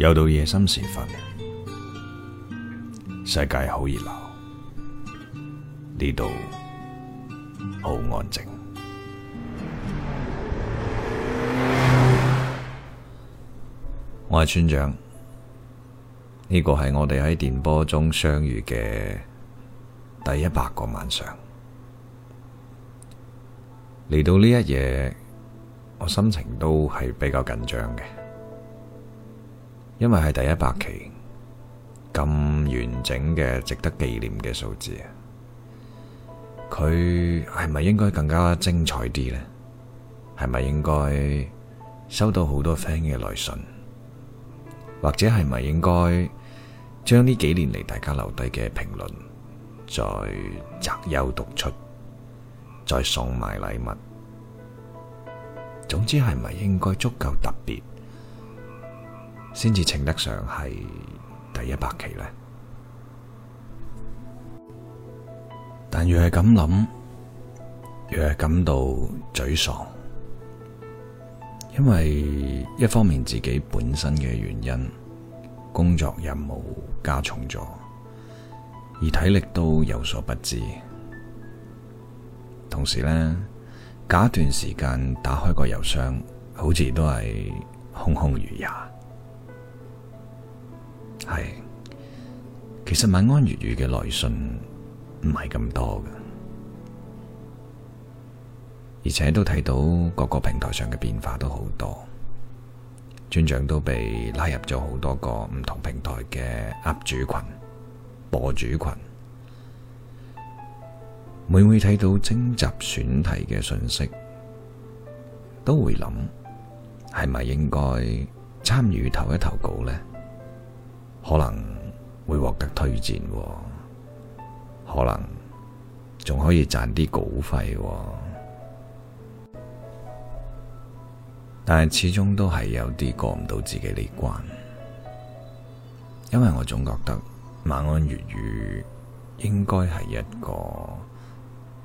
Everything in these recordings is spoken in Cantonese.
又到夜深時分，世界好熱鬧，呢度好安靜。我係村長，呢個係我哋喺電波中相遇嘅第一百個晚上。嚟到呢一夜，我心情都係比較緊張嘅。因為係第一百期咁完整嘅值得紀念嘅數字，佢係咪應該更加精彩啲呢？係咪應該收到好多 friend 嘅來信，或者係咪應該將呢幾年嚟大家留低嘅評論再擇優讀出，再送埋禮物？總之係咪應該足夠特別？先至稱得上係第一百期咧？但越係咁諗，越係感到沮喪，因為一方面自己本身嘅原因，工作任務加重咗，而體力都有所不支。同時咧，隔一段時間打開個郵箱，好似都係空空如也。係，其實晚安粵語嘅來信唔係咁多嘅，而且都睇到各個平台上嘅變化都好多，村長都被拉入咗好多個唔同平台嘅 UP 主群、博主群，每每睇到徵集選題嘅信息，都會諗係咪應該參與投一投稿呢？可能會獲得推薦，可能仲可以賺啲稿費，但係始終都係有啲過唔到自己呢關，因為我總覺得《晚安粵語》應該係一個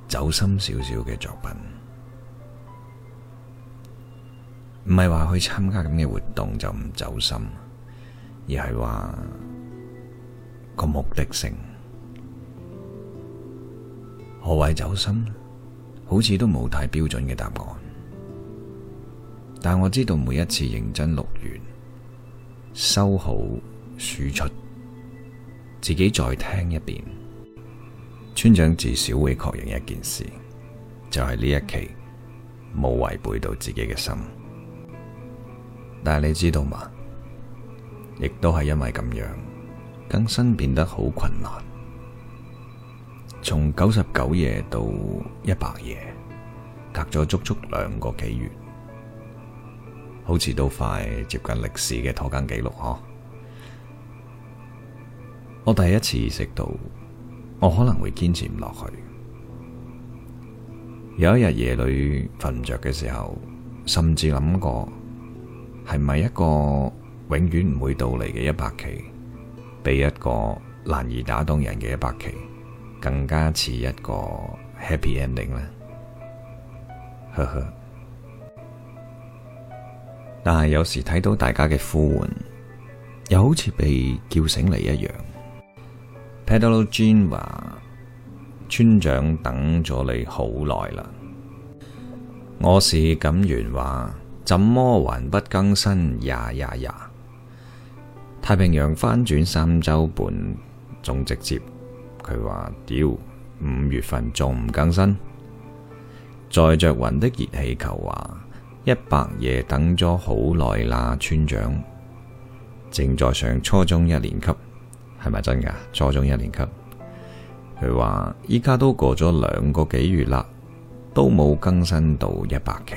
走心少少嘅作品，唔係話去參加咁嘅活動就唔走心。而係話個目的性，何謂走心？好似都冇太標準嘅答案。但我知道每一次認真錄完、收好、輸出，自己再聽一遍，村長至少會確認一件事，就係、是、呢一期冇違背到自己嘅心。但係你知道嘛？亦都係因為咁樣，更新變得好困難。從九十九夜到一百夜，隔咗足足兩個幾月，好似都快接近歷史嘅拖更記錄呵。我第一次意識到，我可能會堅持唔落去。有一日夜裏瞓唔着嘅時候，甚至諗過係咪一個。永遠唔會到嚟嘅一百期，比一個難以打動人嘅一百期更加似一個 happy ending 咧。呵呵，但係有時睇到大家嘅呼喚，又好似被叫醒嚟一樣。Pedalo Jin 話村長等咗你好耐啦。我是錦弦話，怎麼還不更新？呀呀呀！太平洋翻轉三周半，仲直接佢話，屌，五月份仲唔更新？載着雲的熱氣球話一百夜等咗好耐啦。村長正在上初中一年級，係咪真噶？初中一年級佢話依家都過咗兩個幾月啦，都冇更新到一百期，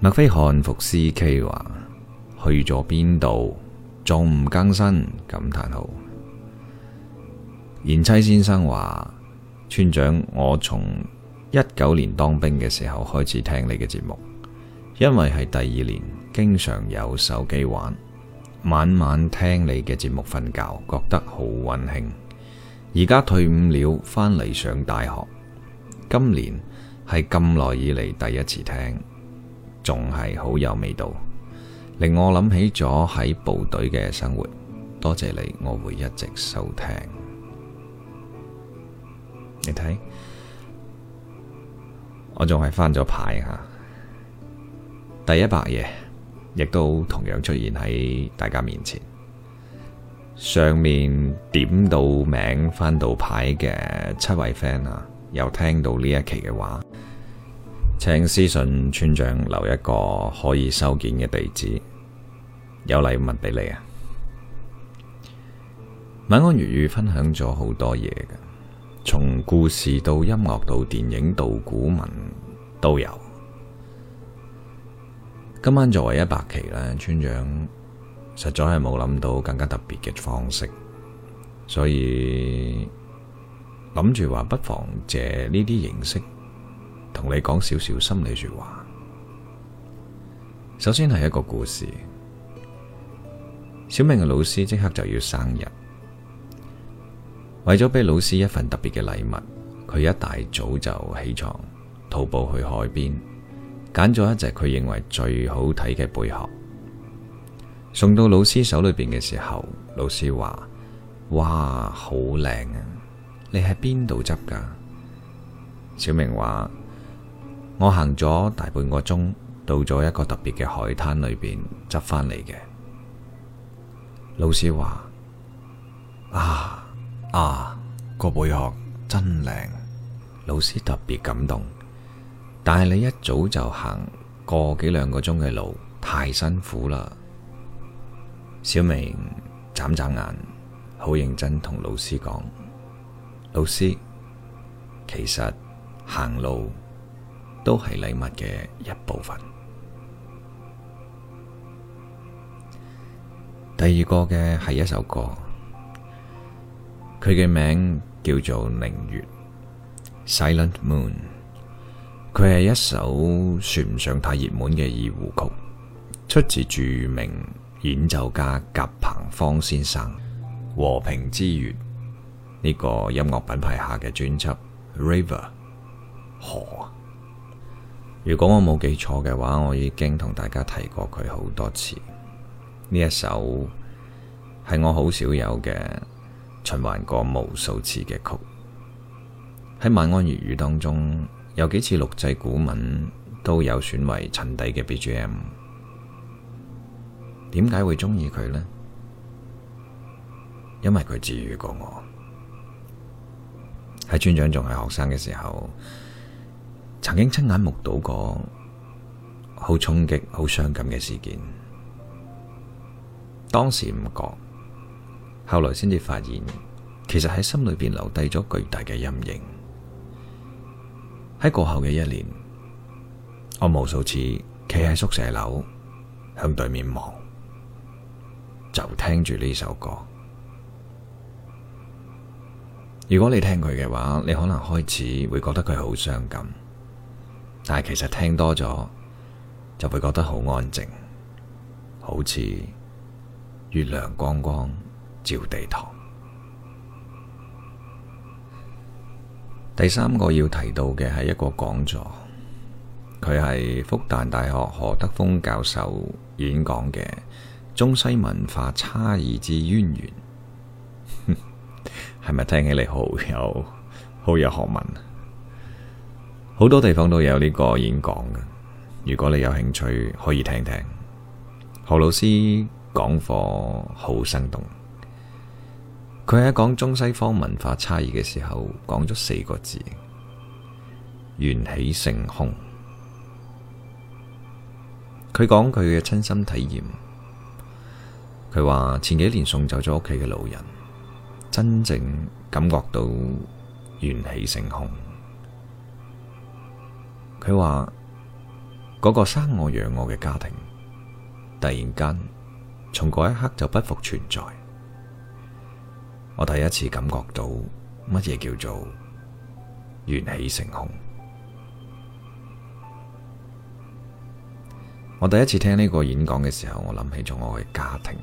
墨緋漢服 CK 話？去咗邊度？仲唔更新？感嘆號！賢妻先生話：村長，我從一九年當兵嘅時候開始聽你嘅節目，因為係第二年經常有手機玩，晚晚聽你嘅節目瞓覺，覺得好溫馨。而家退伍了，翻嚟上大學，今年係咁耐以嚟第一次聽，仲係好有味道。令我諗起咗喺部隊嘅生活，多謝你，我會一直收聽。你睇，我仲係翻咗牌啊！第一百夜亦都同樣出現喺大家面前。上面點到名翻到牌嘅七位 friend 啊，又聽到呢一期嘅話，請私信村長留一個可以收件嘅地址。有禮物俾你啊！晚安粵語分享咗好多嘢嘅，從故事到音樂到電影到古文都有。今晚作為一百期咧，村長實在係冇諗到更加特別嘅方式，所以諗住話不妨借呢啲形式同你講少少心裏說話。首先係一個故事。小明嘅老師即刻就要生日，為咗俾老師一份特別嘅禮物，佢一大早就起床，徒步去海邊，揀咗一隻佢認為最好睇嘅貝殼，送到老師手裏邊嘅時候，老師話：哇，好靚啊！你喺邊度執噶？小明話：我行咗大半個鐘，到咗一個特別嘅海灘裏邊執返嚟嘅。老師話：啊啊，個貝殼真靚，老師特別感動。但係你一早就行個幾兩個鐘嘅路，太辛苦啦。小明眨眨眼，好認真同老師講：老師，其實行路都係禮物嘅一部分。第二個嘅係一首歌，佢嘅名叫做《寧月》（Silent Moon）。佢係一首算唔上太熱門嘅二胡曲，出自著名演奏家賈鵬芳先生《和平之月》呢個音樂品牌下嘅專輯《River 河》。如果我冇記錯嘅話，我已經同大家提過佢好多次。呢一首係我好少有嘅循環過無數次嘅曲，喺晚安粵語當中有幾次錄製古文都有選為襯底嘅 BGM。點解會鍾意佢呢？因為佢治癒過我。喺村長仲係學生嘅時候，曾經親眼目睹過好衝擊、好傷感嘅事件。當時唔覺，後來先至發現，其實喺心裏邊留低咗巨大嘅陰影。喺過後嘅一年，我無數次企喺宿舍樓，向對面望，就聽住呢首歌。如果你聽佢嘅話，你可能開始會覺得佢好傷感，但係其實聽多咗，就會覺得好安靜，好似月亮光光照地堂。第三個要提到嘅係一個講座，佢係復旦大學何德峰教授演講嘅《中西文化差異之淵源》，係 咪聽起嚟好有好有學問？好多地方都有呢個演講㗎，如果你有興趣，可以聽聽何老師。講課好生動，佢喺講中西方文化差異嘅時候，講咗四個字：緣起性空。佢講佢嘅親身體驗，佢話前幾年送走咗屋企嘅老人，真正感覺到緣起性空。佢話嗰個生我養我嘅家庭，突然間。從嗰一刻就不復存在，我第一次感覺到乜嘢叫做緣起性空。我第一次聽呢個演講嘅時候，我諗起咗我嘅家庭，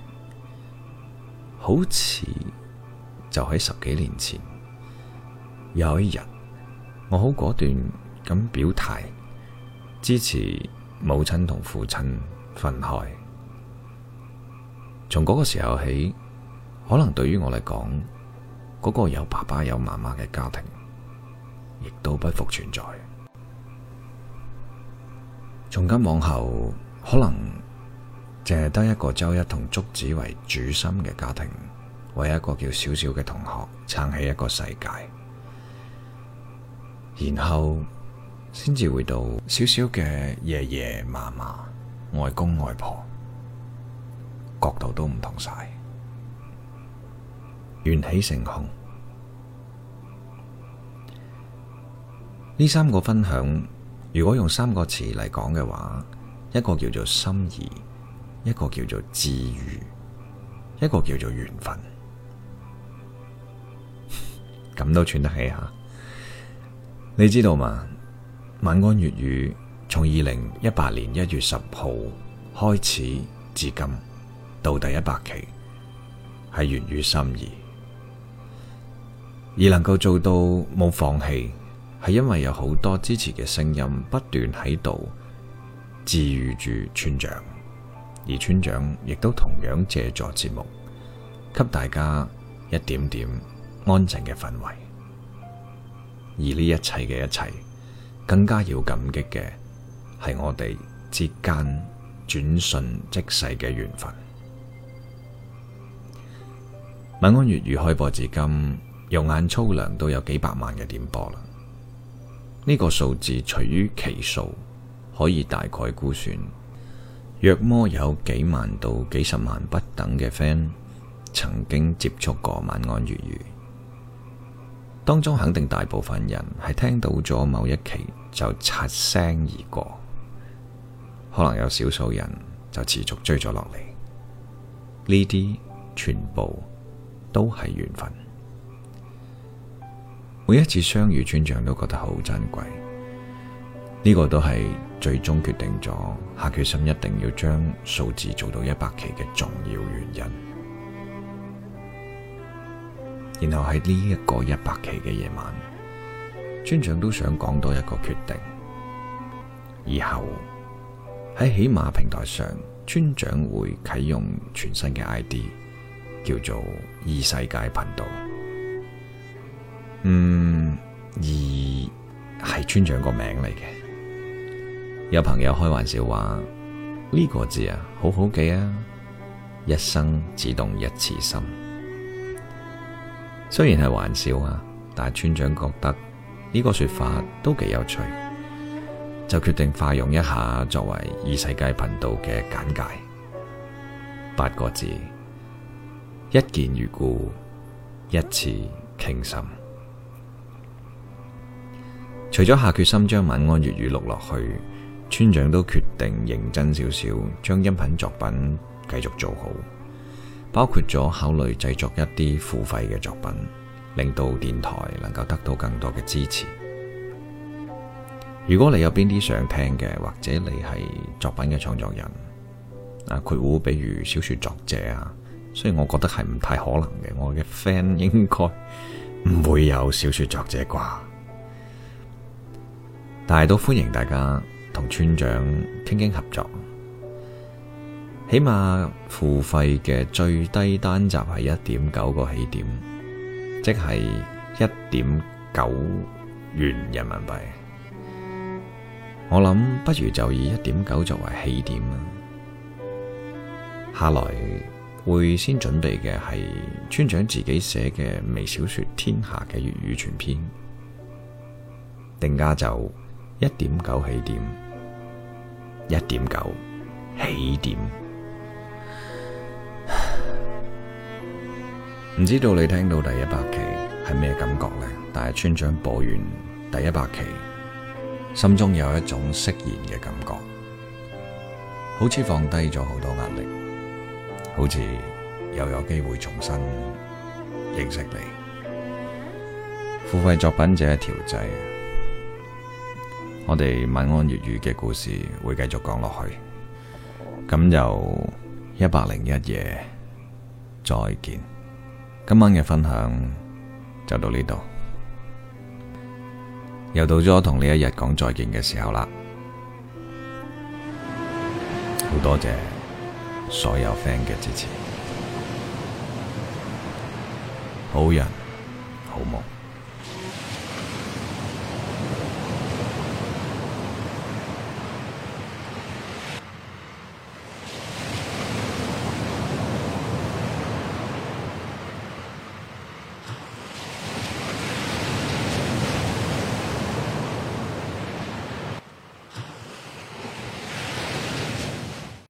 好似就喺十幾年前有一日，我好果斷咁表態支持母親同父親分開。從嗰個時候起，可能對於我嚟講，嗰、那個有爸爸有媽媽嘅家庭，亦都不復存在。從今往後，可能淨係得一個周一同竹子為主心嘅家庭，為一個叫小小嘅同學撐起一個世界，然後先至會到小小嘅爺爺、嫲嫲、外公、外婆。角度都唔同晒，緣起成空。呢三個分享，如果用三個詞嚟講嘅話，一個叫做心意，一個叫做治癒，一個叫做緣分，咁 都串得起吓。你知道嘛？晚安粵語從二零一八年一月十號開始至今。到第一百期，係源於心意，而能夠做到冇放棄，係因為有好多支持嘅聲音不斷喺度治愈住村長，而村長亦都同樣借助節目，給大家一點點安靜嘅氛圍。而呢一切嘅一切，更加要感激嘅，係我哋之間轉瞬即逝嘅緣分。晚安粵語開播至今，肉眼粗量都有幾百萬嘅點播啦。呢個數字除於期數，可以大概估算，約莫有幾萬到幾十萬不等嘅 fan 曾經接觸過晚安粵語，當中肯定大部分人係聽到咗某一期就擦聲而過，可能有少數人就持續追咗落嚟。呢啲全部都係緣分，每一次相遇，村長都覺得好珍貴。呢個都係最終決定咗下決心一定要將數字做到一百期嘅重要原因。然後喺呢一個一百期嘅夜晚，村長都想講多一個決定。以後喺喜馬平台上，村長會啟用全新嘅 ID。叫做懿世界頻道，嗯，懿係村長個名嚟嘅。有朋友開玩笑話呢個字啊，好好記啊，一生只動一次心。雖然係玩笑啊，但係村長覺得呢個說法都幾有趣，就決定化用一下，作為懿世界頻道嘅簡介，八個字。一見如故，一次傾心。除咗下決心將晚安粵語錄落去，村長都決定認真少少，將音頻作品繼續做好，包括咗考慮製作一啲付費嘅作品，令到電台能夠得到更多嘅支持。如果你有邊啲想聽嘅，或者你係作品嘅創作人啊，括弧，比如小說作者啊。所以我覺得係唔太可能嘅，我嘅 friend 應該唔會有小說作者啩，但係都歡迎大家同村長傾傾合作，起碼付費嘅最低單集係一點九個起點，即係一點九元人民幣。我諗不如就以一點九作為起點啊，下來。會先準備嘅係村長自己寫嘅微小說《天下》嘅粵語全篇，定價就一點九起點，一點九起點。唔知道你聽到第一百期係咩感覺呢？但係村長播完第一百期，心中有一種釋然嘅感覺，好似放低咗好多壓力。好似又有機會重新認識你。付費作品者調製，我哋晚安粵語嘅故事會繼續講落去。咁由一百零一夜再見，今晚嘅分享就到呢度，又到咗同呢一日講再見嘅時候啦。好多謝，所有 friend 嘅支持，好人好夢。